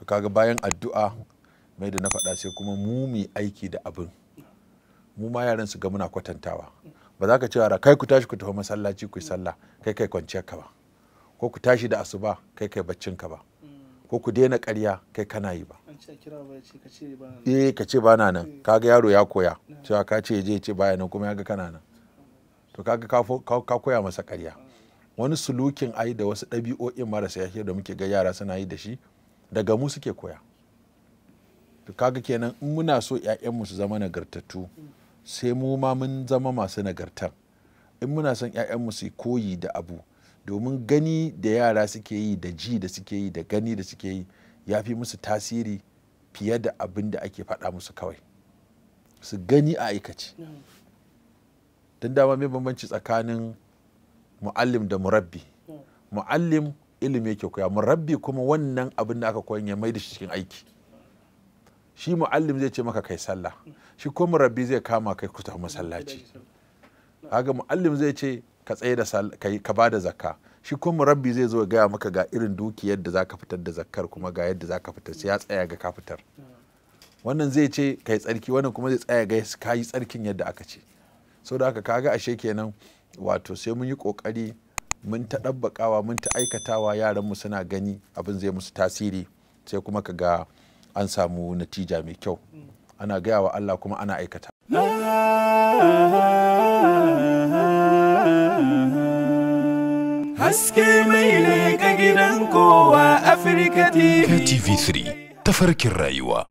to kaga bayan addu'a mai da na faɗa sai kuma mu muyi aiki da abin mu ma yaran su ga muna kwatantawa ba za ka ce yara kai ku tashi ku tafi masallaci ku yi sallah kai kai kwanciyar ka ba ko ku tashi da asuba kai kai baccin ka ba ko ku daina ƙarya kai kana yi ba eh ka ce ba na nan eh. kaga yaro ya koya cewa ka ce je ce baya nan kuma ya ga kana nan to kaga ka koya masa ƙarya ah. wani sulukin ai da wasu ɗabi'o'in marasa yashe da muke ga yara suna yi da shi daga mu suke koya to kaga kenan in muna so 'ya'yanmu su zama nagartattu sai mu ma mun zama masu nagartar in muna son 'ya'yanmu su koyi da abu domin gani da yara suke yi da ji da suke yi da gani da suke yi ya fi musu tasiri fiye da abin da ake faɗa musu kawai su gani a aikace don dama mai bambanci tsakanin mu'allim da murabbi mm. mu'allim ilimi yake koya rabbi kuma wannan abin da aka koyan ya mai da shi cikin aiki shi mu'allim zai ce maka kai sallah shi ko rabbi zai kama kai ku tafi masallaci kaga mu'allim zai ce ka tsaye da ka bada zakka shi ko rabbi zai zo ya gaya maka ga irin dukiyar da zaka fitar da zakkar kuma ga yadda zaka fitar sai ya tsaya ga ka fitar wannan zai ce kai tsarki wannan kuma zai tsaya ga ka tsarkin yadda aka ce saboda haka kaga ashe kenan wato sai mun yi kokari mun ta ɗabbaƙawa mun ta aikatawa yaran mu suna gani abin zai musu tasiri sai kuma ka ga an samu natija mai kyau ana gaya wa Allah kuma ana aikata haske mai ne ga gidan kowa afirka tv3 tafarkin rayuwa